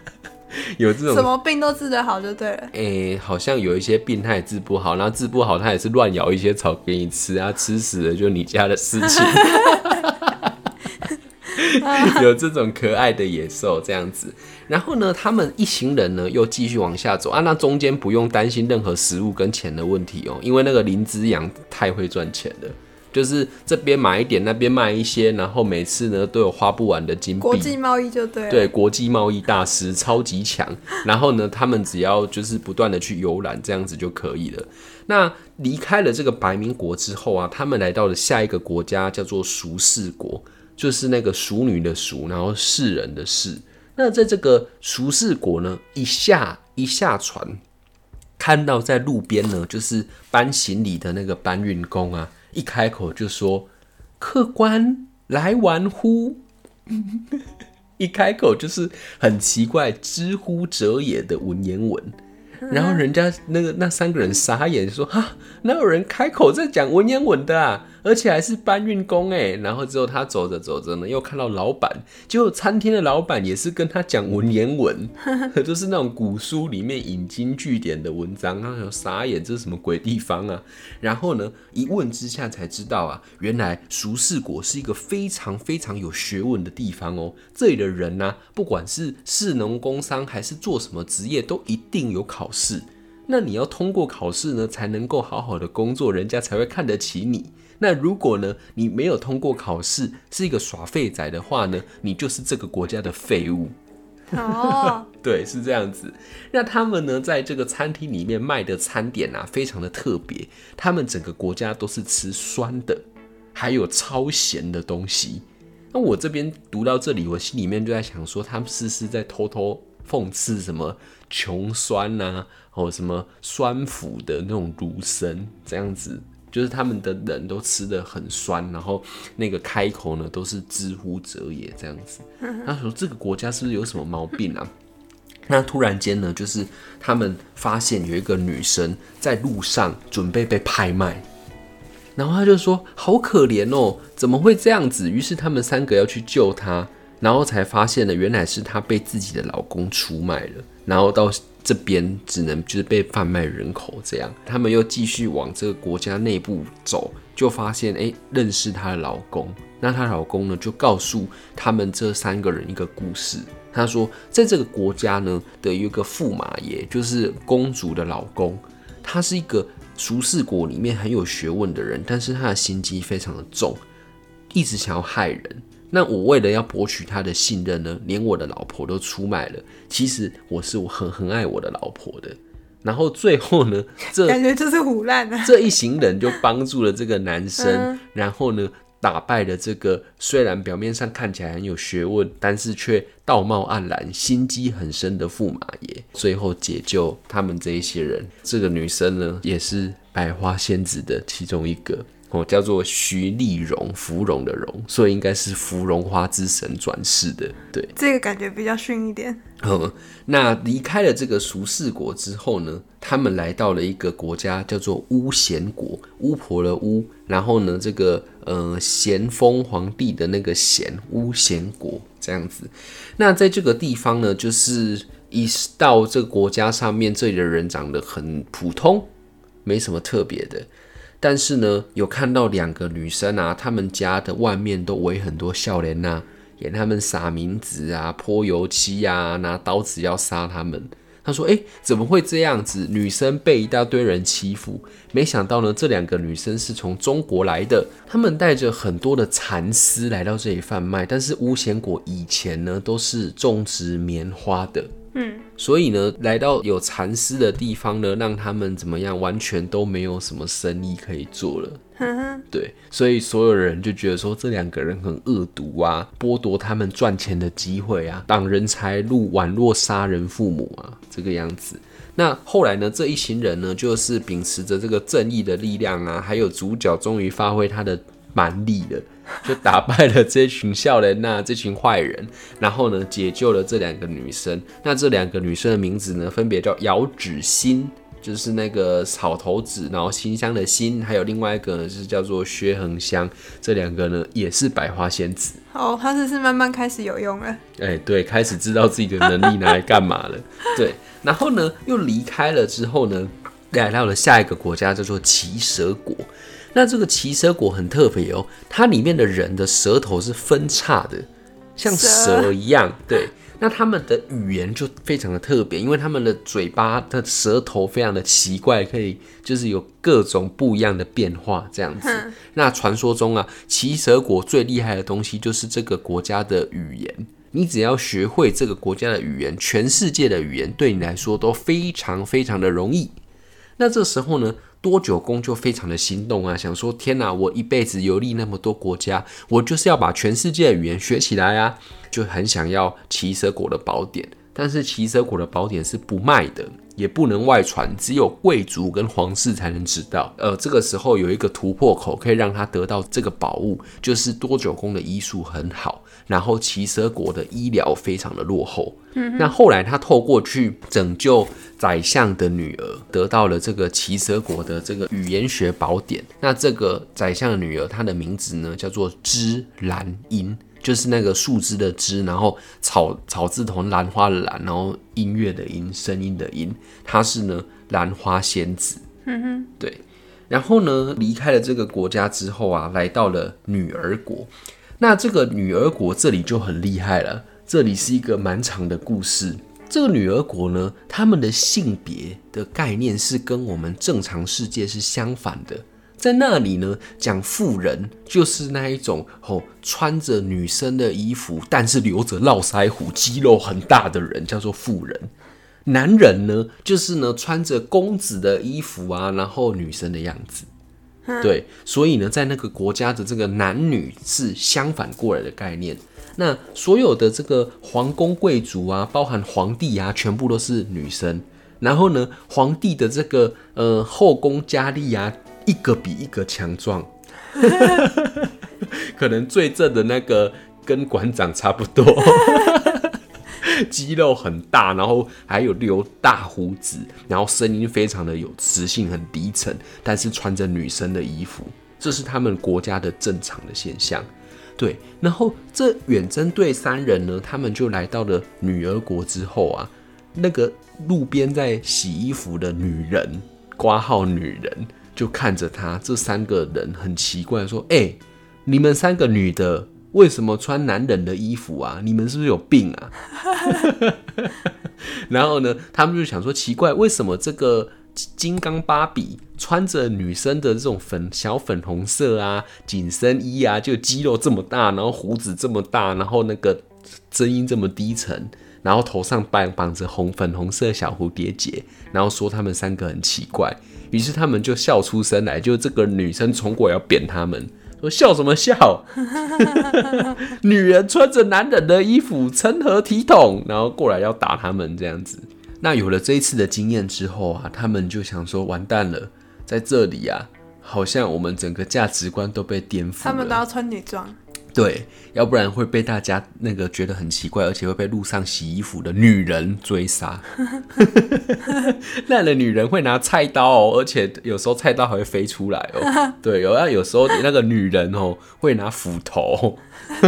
有這種什麼病都治得好就對了。哎、欸，好像有一些病他也治不好，然後治不好他也是亂咬一些草給你吃啊，吃死了就你家的事情。 有這種可愛的野獸這樣子，然後呢，他們一行人呢又繼續往下走啊。那中間不用擔心任何食物跟錢的問題哦、喔，因為那個林之洋太會賺錢了，就是這邊買一點，那邊賣一些，然後每次呢都有花不完的金幣。國際貿易就對，對，國際貿易大師超級強。然後呢，他們只要就是不斷的去遊覽這樣子就可以了。那離開了這個白民國之後啊，他們來到了下一個國家，叫做淑士國。就是那個淑女的淑，然後世人的世。那在這個淑世國呢，一下一下船，看到在路邊呢，就是搬行李的那個搬運工啊，一開口就說：“客官來玩乎？” 一開口就是很奇怪，之乎者也的文言文。然後人家那個那三個人傻眼，說：“哈，哪有人開口在講文言文的啊？”而且還是搬運工哎，然後之後他走着走着呢，又看到老板，結果餐廳的老板也是跟他講文言文， 就是那種古書裡面引經據典的文章，他都傻眼，這是什麼鬼地方啊？然後呢，一問之下才知道啊，原來淑士國是一個非常非常有學問的地方哦、喔，這裡的人呢、啊，不管是士農工商還是做什麼職業，都一定有考試。那你要通過考試呢，才能夠好好的工作，人家才會看得起你。那如果呢，你沒有通過考試，是一個耍廢仔的話呢，你就是這個國家的廢物。哦， 對，是這樣子。那他們呢，在這個餐廳裡面賣的餐點啊，非常的特別。他們整個國家都是吃酸的，還有超鹹的東西。那我這邊讀到這裡，我心裡面就在想說，他們是不是在偷偷諷刺什麼？窮酸啊或什麼酸腐的那種儒生，這樣子，就是他們的人都吃得很酸，然後那個開口呢都是“之乎者也”這樣子。他說：“這個國家是不是有什麼毛病啊？” 那突然間呢，就是他們發現有一個女生在路上準備被拍賣，然後他就說：“好可憐哦，怎麼會這樣子？”於是他們三個要去救她。然後才發現了，原來是她被自己的老公出賣了，然後到這邊只能就是被販賣人口這樣。他們又繼續往這個國家內部走，就發現哎，認識她的老公。那她老公呢，就告訴他們這三個人一個故事。他說，在這個國家呢的有一個駙馬爺，就是公主的老公，他是一個俗世國裡面很有學問的人，但是他的心機非常的重，一直想要害人，那我為了要博取他的信任呢，連我的老婆都出賣了。其實我是我很很愛我的老婆的。然後最後呢，這感覺就是唬爛。這一行人就幫助了這個男生，嗯、然後呢，打敗了這個雖然表面上看起來很有學問，但是卻道貌岸然、心機很深的駙馬爺。最後解救他們這一些人，這個女生呢，也是百花仙子的其中一個。哦，叫做徐麗蓉，芙蓉的蓉，所以應該是芙蓉花之神轉世的。對，這個感覺比較遜一點，嗯。那離開了這個俗世國之後呢，他們來到了一個國家，叫做巫咸國，巫婆的巫，然後呢，這個呃，咸豐皇帝的那個咸，巫咸國這樣子。那在這個地方呢，就是一到這個國家上面，這裡的人長得很普通，沒什麼特別的。但是呢，有看到兩個女生啊，她們家的外面都圍很多笑臉吶，給他們撒冥紙啊、潑油漆啊、拿刀子要殺他們。他說：“哎，怎麼會這樣子？女生被一大堆人欺負。”沒想到呢，這兩個女生是從中國來的，他們帶着很多的蠶絲來到這裡販賣。但是巫咸國以前呢，都是種植棉花的。嗯，所以呢，來到有蠶絲的地方呢，讓他們怎麼樣，完全都沒有什麼生意可以做了。呵呵，對，所以所有人就覺得說，這兩個人很惡毒啊，剝奪他們賺錢的機會啊，擋人財路，宛若殺人父母啊，這個樣子。那後來呢，這一行人呢，就是秉持着這個正義的力量啊，還有主角終於發揮他的。蠻力的，就打敗了這群笑人，那這群壞人，然後呢，解救了這兩個女生。那這兩個女生的名字呢，分別叫姚芷馨，就是那個草頭子，然後馨香的馨，還有另外一個呢，就是叫做薛蘅香。這兩個呢，也是百花仙子。哦，他只是慢慢開始有用了。哎，對，開始知道自己的能力拿來幹嘛了。 對，然後呢，又離開了之後呢，來到了下一個國家，叫做歧舌國。那這個歧舌國很特別哦，它裡面的人的舌頭是分叉的，像蛇一樣。對，那他們的語言就非常的特別，因為他們的嘴巴的舌頭非常的奇怪，可以就是有各種不一樣的變化這樣子。那傳說中啊，歧舌國最厲害的東西就是這個國家的語言。你只要學會這個國家的語言，全世界的語言對你來說都非常非常的容易。那這時候呢，多九公就非常的心動啊，想說天哪，啊，我一輩子遊歷那麼多國家，我就是要把全世界的語言學起來啊，就很想要奇蛇果的寶典，但是奇蛇果的寶典是不賣的，也不能外傳，只有貴族跟皇室才能知道。呃，這個時候有一個突破口，可以讓他得到這個寶物，就是多九公的醫術很好。然後歧舌國的醫療非常的落後，嗯哼，那後來他透過去拯救宰相的女兒，得到了這個歧舌國的這個語言學寶典。那這個宰相的女兒，她的名字呢叫做枝蘭音，就是那個樹枝的枝，然後草草字頭蘭花的蘭，然後音樂的音，聲音的音，她是呢蘭花仙子，嗯哼對。然後呢離開了這個國家之後啊，來到了女兒國。那這個女兒國這裡就很厲害了，這裡是一個蠻長的故事。這個女兒國呢，她們的性別的概念是跟我們正常世界是相反的。在那裡呢，講婦人就是那一種吼、哦、穿着女生的衣服，但是留着絡腮鬍、肌肉很大的人叫做婦人；男人呢，就是呢穿着公子的衣服啊，然後女生的樣子。對，所以呢，在那個國家的這個男女是相反過來的概念。那所有的這個皇宮貴族啊，包含皇帝啊，全部都是女生。然後呢，皇帝的這個呃後宮佳麗啊，一個比一個強壯， 可能最正的那個跟館長差不多。 肌肉很大，然後還有留大鬍子，然後聲音非常的有磁性，很低沉，但是穿着女生的衣服，這是他們國家的正常的現象。對，然後這遠征隊三人呢，他們就來到了女兒國之後啊，那個路邊在洗衣服的女人，括號女人就看着他，這三個人很奇怪，說：“哎，你們三個女的。”為什麼穿男人的衣服啊？你們是不是有病啊？ 然後呢，他們就想說奇怪，為什麼這個金剛芭比穿着女生的這種粉小粉紅色啊緊身衣啊，就肌肉這麼大，然後鬍子這麼大，然後那個聲音這麼低沉，然後頭上綁綁着紅粉紅色的小蝴蝶結，然後說他們三個很奇怪，於是他們就笑出聲來，就這個女生衝過來要扁他們。笑什麼笑？ 女人穿着男人的衣服，成何體統？然後過來要打他們這樣子。那有了這一次的經驗之後啊，他們就想說：完蛋了，在這裡啊，好像我們整個價值觀都被顛覆了。他們都要穿女裝。對，要不然會被大家那個覺得很奇怪，而且會被路上洗衣服的女人追殺。 那的女人會拿菜刀哦，而且有時候菜刀還會飛出來哦。對哦，有要有時候那個女人哦會拿斧頭，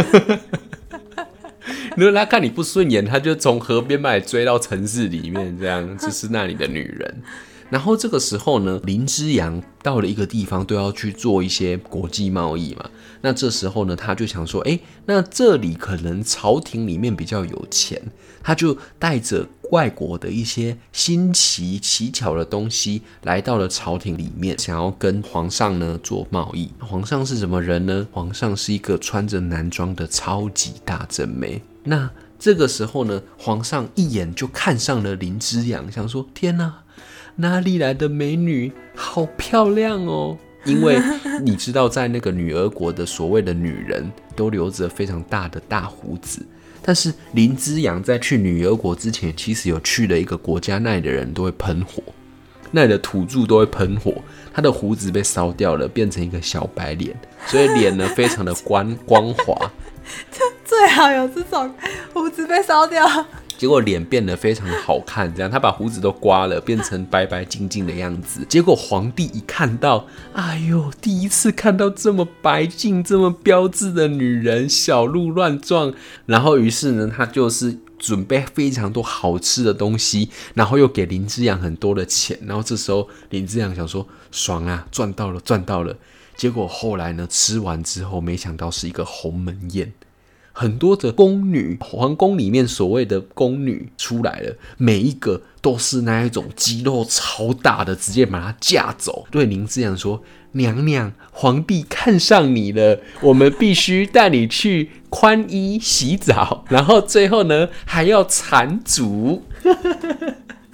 如果她看你不順眼，她就從河邊把你追到城市裡面，這樣就是那裡的女人。然後這個時候呢，林之陽到了一個地方，都要去做一些國際貿易嘛。那這時候呢，他就想說：“哎，那這裡可能朝廷裡面比較有錢，他就帶着外國的一些新奇奇巧的東西來到了朝廷裡面，想要跟皇上呢做貿易。皇上是什麼人呢？皇上是一個穿着男裝的超級大正妹。那這個時候呢，皇上一眼就看上了林之陽，想說：天吶！哪裡來的美女，好漂亮哦！因為你知道，在那個女兒國的所謂的女人都留着非常大的大鬍子，但是林之洋在去女兒國之前，其實有去了一個國家，那裡的人都會噴火，那裡的土著都會噴火，他的鬍子被燒掉了，變成一個小白臉，所以臉呢非常的光光滑，最好有這種鬍子被燒掉。結果臉變得非常好看，這樣他把鬍子都刮了，變成白白淨淨的樣子。結果皇帝一看到，哎呦，第一次看到這麼白淨、這麼標致的女人，小鹿亂撞。然後於是呢，他就是準備非常多好吃的東西，然後又給林之洋很多的錢。然後這時候林之洋想說，爽啊，賺到了，賺到了。結果後來呢，吃完之後，沒想到是一個鴻門宴。很多的宮女，皇宮裡面所謂的宮女出來了，每一個都是那一種肌肉超大的，直接把她架走。 對林之洋說：“娘娘，皇帝看上你了，我們必須帶你去寬衣洗澡，然後最後呢還要纏足。 ”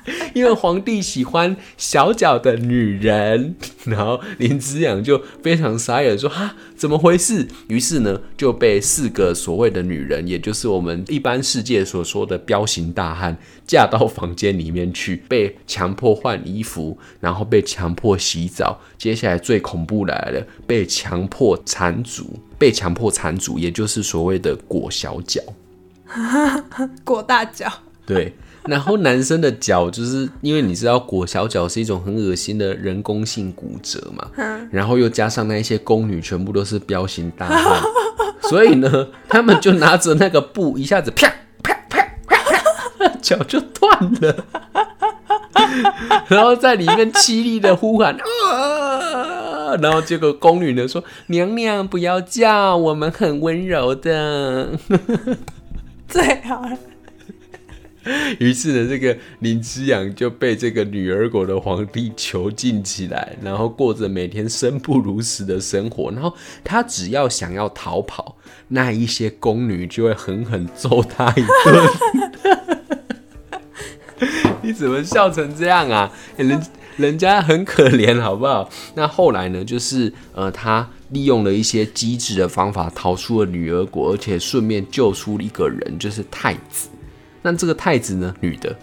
因為皇帝喜歡小腳的女人，然後林之洋就非常傻眼，說：“哈，怎麼回事？”於是呢，就被四個所謂的女人，也就是我們一般世界所說的彪形大漢，架到房間裡面去，被強迫換衣服，然後被強迫洗澡。接下來最恐怖來了，被強迫纏足，被強迫纏足，也就是所謂的裹小腳，裹大腳，對。然後男生的腳就是因為你知道裹小腳是一種很惡心的人工性骨折嘛，然後又加上那一些宮女全部都是彪形大漢，所以呢，他們就拿着那個布一下子啪啪啪啪啪，腳就斷了，然後在裡面淒厲的呼喊啊，然後結果宮女呢說：“娘娘不要叫，我們很溫柔的，最好。”於是呢，這個林之洋就被這個女兒國的皇帝囚禁起來，然後過着每天生不如死的生活。然後他只要想要逃跑，那一些宮女就會狠狠揍他一頓。 你怎麼笑成這樣啊？欸、人人家很可憐，好不好？那後來呢？就是呃，他利用了一些機智的方法逃出了女兒國，而且順便救出一個人，就是太子。那這個太子呢？女的，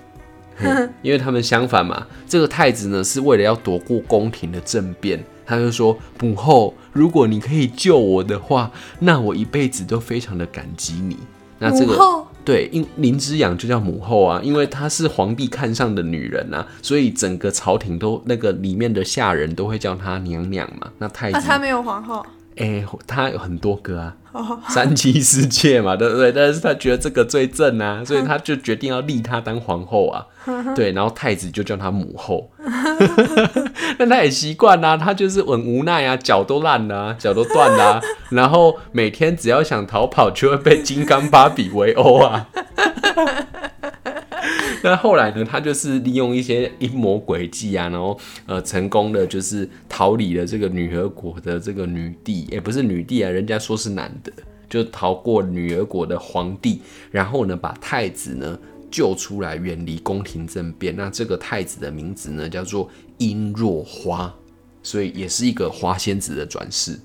嗯、 因為他們相反嘛。這個太子呢，是為了要躲過宮廷的政變，他就說：“母後，如果你可以救我的話，那我一輩子都非常的感激你。”那這個母後？對，因林之洋就叫母後啊，因為她是皇帝看上的女人啊，所以整個朝廷都那個裡面的下人都會叫她娘娘嘛。那太子，子、啊、他沒有皇後。哎、欸，他有很多個啊，三妻四妾嘛，對不對？但是他覺得這個最正啊，所以他就決定要立她當皇後啊，對，然後太子就叫她母後。 那他也習慣啊，他就是很無奈啊，腳都爛了、啊，腳都斷了、啊， 然後每天只要想逃跑，就會被金剛芭比圍毆啊。 那後來呢？他就是利用一些陰謀詭計啊，然後呃，成功的就是逃離了這個女兒國的這個女帝，也、欸、不是女帝啊，人家說是男的，就逃過女兒國的皇帝，然後呢，把太子呢救出來，遠離宮廷政變。那這個太子的名字呢，叫做陰若花，所以也是一個花仙子的轉世。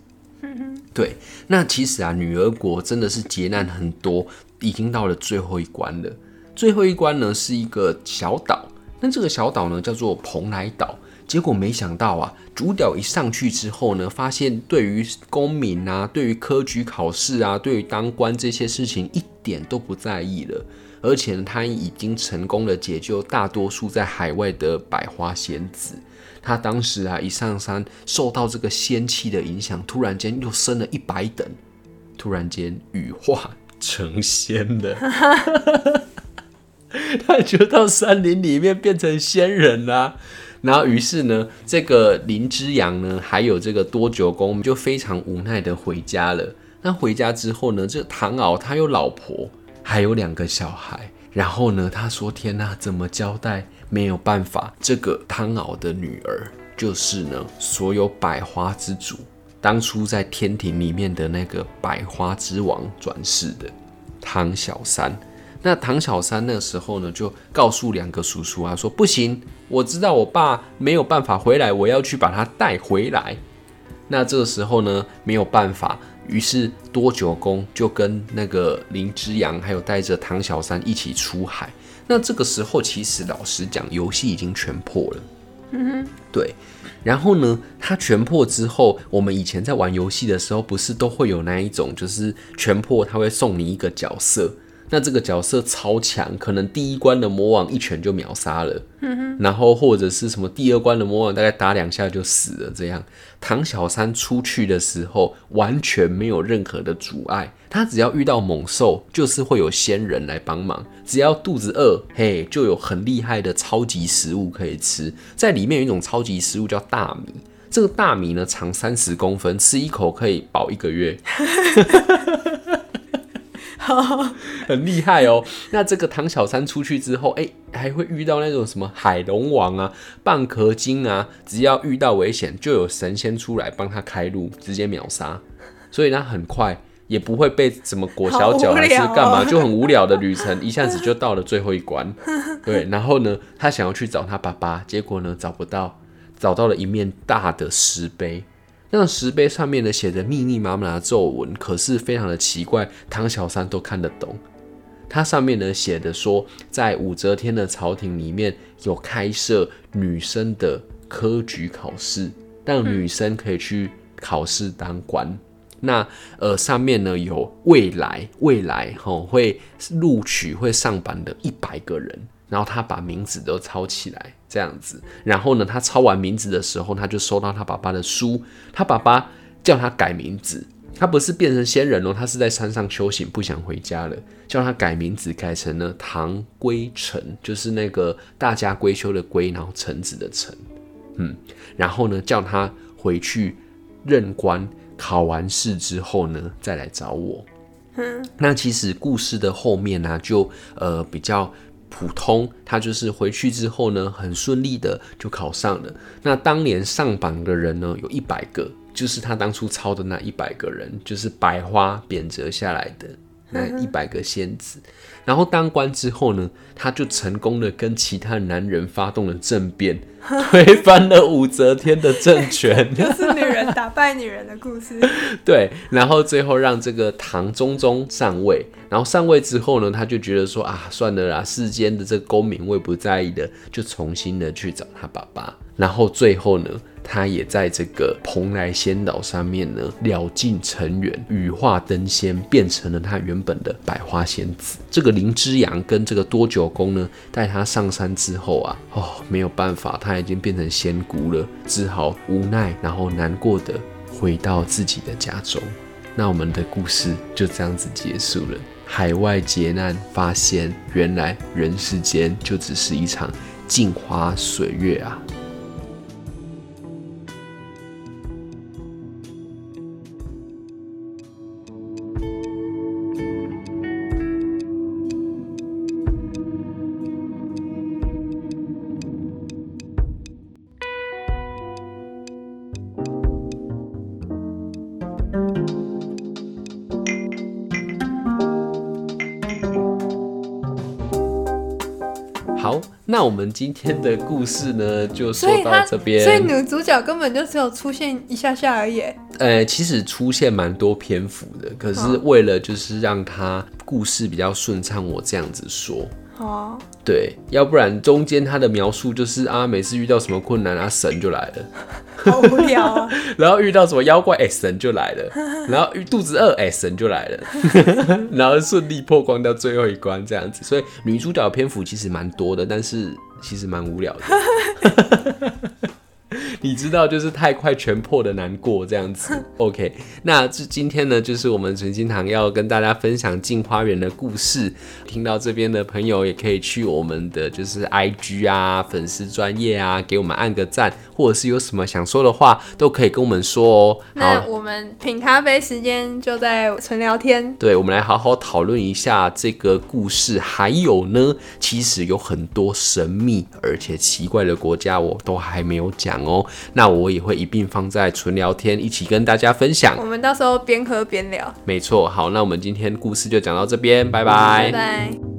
對，那其實啊，女兒國真的是劫難很多，已經到了最後一關了。最後一關呢是一個小島，那這個小島呢叫做蓬萊島。結果沒想到啊，主角一上去之後呢，發現對於功名啊、對於科舉考試啊、對於當官這些事情一點都不在意了。而且呢，他已經成功的解救大多數在海外的百花仙子。他當時啊，一上山，受到這個仙氣的影響，突然間又升了一百等，突然間羽化成仙了。 他就到山林裡面變成仙人啦、啊，然後於是呢，這個林之洋呢，還有這個多九公，就非常無奈的回家了。那回家之後呢，這個、唐敖他有老婆，還有兩個小孩，然後呢，他說：“天哪、啊，怎麼交代？沒有辦法。”這個唐敖的女兒，就是呢，所有百花之主當初在天庭裡面的那個百花之王轉世的唐小三。那唐小山那個時候呢，就告訴兩個叔叔啊，說不行，我知道我爸沒有辦法回來，我要去把他帶回來。那這個時候呢，沒有辦法，於是多九公就跟那個林之洋還有帶着唐小山一起出海。那這個時候，其實老實講，遊戲已經全破了。嗯哼，對。然後呢，他全破之後，我們以前在玩遊戲的時候，不是都會有那一種，就是全破他會送你一個角色。那這個角色超強，可能第一關的魔王一拳就秒殺了。嗯、哼然後或者是什麼第二關的魔王，大概打兩下就死了。這樣，唐小山出去的時候，完全沒有任何的阻礙。他只要遇到猛獸，就是會有仙人來幫忙。只要肚子餓，嘿，就有很厲害的超級食物可以吃。在裡面有一種超級食物叫大米。這個大米呢，長三十公分，吃一口可以飽一個月。 很厲害哦！那這個唐小山出去之後，哎、欸，還會遇到那種什麼海龍王啊、蚌殼精啊，只要遇到危險，就有神仙出來幫他開路，直接秒殺。所以他很快也不會被什麼裹小腳還是幹嘛，哦、就很無聊的旅程，一下子就到了最後一關。對，然後呢，他想要去找他爸爸，結果呢找不到，找到了一面大的石碑。那石碑上面呢寫着密密麻麻的咒文，可是非常的奇怪，唐小山都看得懂。它上面呢寫的說，在武則天的朝廷裡面有開設女生的科舉考試，讓女生可以去考試當官。那呃上面呢有未來未來哈、哦、會錄取會上榜的一百個人，然後他把名字都抄起來。這樣子，然後呢，他抄完名字的時候，他就收到他爸爸的書。他爸爸叫他改名字，他不是變成仙人哦，他是在山上修行，不想回家了，叫他改名字，改成了唐閨臣，就是那個大家閨秀的閨，然後臣子的臣，嗯，然後呢，叫他回去任官，考完試之後呢，再來找我。嗯，那其實故事的後面呢，啊，就呃比較。普通，他就是回去之後呢，很順利的就考上了。那當年上榜的人呢，有一百個，就是他當初抄的那一百個人，就是百花貶謫下來的那一百個仙子。呵呵，然後當官之後呢，他就成功的跟其他男人發動了政變，推翻了武則天的政權。這 是女人打敗女人的故事。對，然後最後讓這個唐中宗上位。然後上位之後呢，他就覺得說啊，算了啦，世間的這個功名我也不在意的，就重新的去找他爸爸。然後最後呢，他也在這個蓬萊仙島上面呢了盡塵緣，羽化登仙，變成了他原本的百花仙子。這個林之洋跟這個多九公呢帶他上山之後啊，哦，沒有辦法，他已經變成仙姑了，只好無奈然後難過的回到自己的家中。那我們的故事就這樣子結束了。海外劫難，發現原來人世間就只是一場鏡花水月啊。那我們今天的故事呢，就說到這邊。所以女主角根本就只有出現一下下而已。呃，其實出現蠻多篇幅的，可是為了就是讓她故事比較順暢，我這樣子說。哦，對，要不然中間她的描述就是啊，每次遇到什麼困難啊，神就來了。好無聊啊！ 然後遇到什麼妖怪，s 神就來了； 然後肚子餓，s 神就來了； 然後順利破光到最後一關，這樣子。所以女主角篇幅其實蠻多的，但是其實蠻無聊的。 你知道，就是太快全破的難過這樣子。 OK，那這今天呢，就是我們存心堂要跟大家分享鏡花緣的故事。聽到這邊的朋友也可以去我們的就是 IG 啊，粉絲專頁啊，給我們按個讚，或者是有什麼想說的話，都可以跟我們說哦。那我們品咖啡時間就在純聊天。對，我們來好好討論一下這個故事。還有呢，其實有很多神秘而且奇怪的國家，我都還沒有講哦。那我也會一併放在純聊天，一起跟大家分享。我們到時候邊喝邊聊。沒錯，好，那我們今天故事就講到這邊，拜拜。拜拜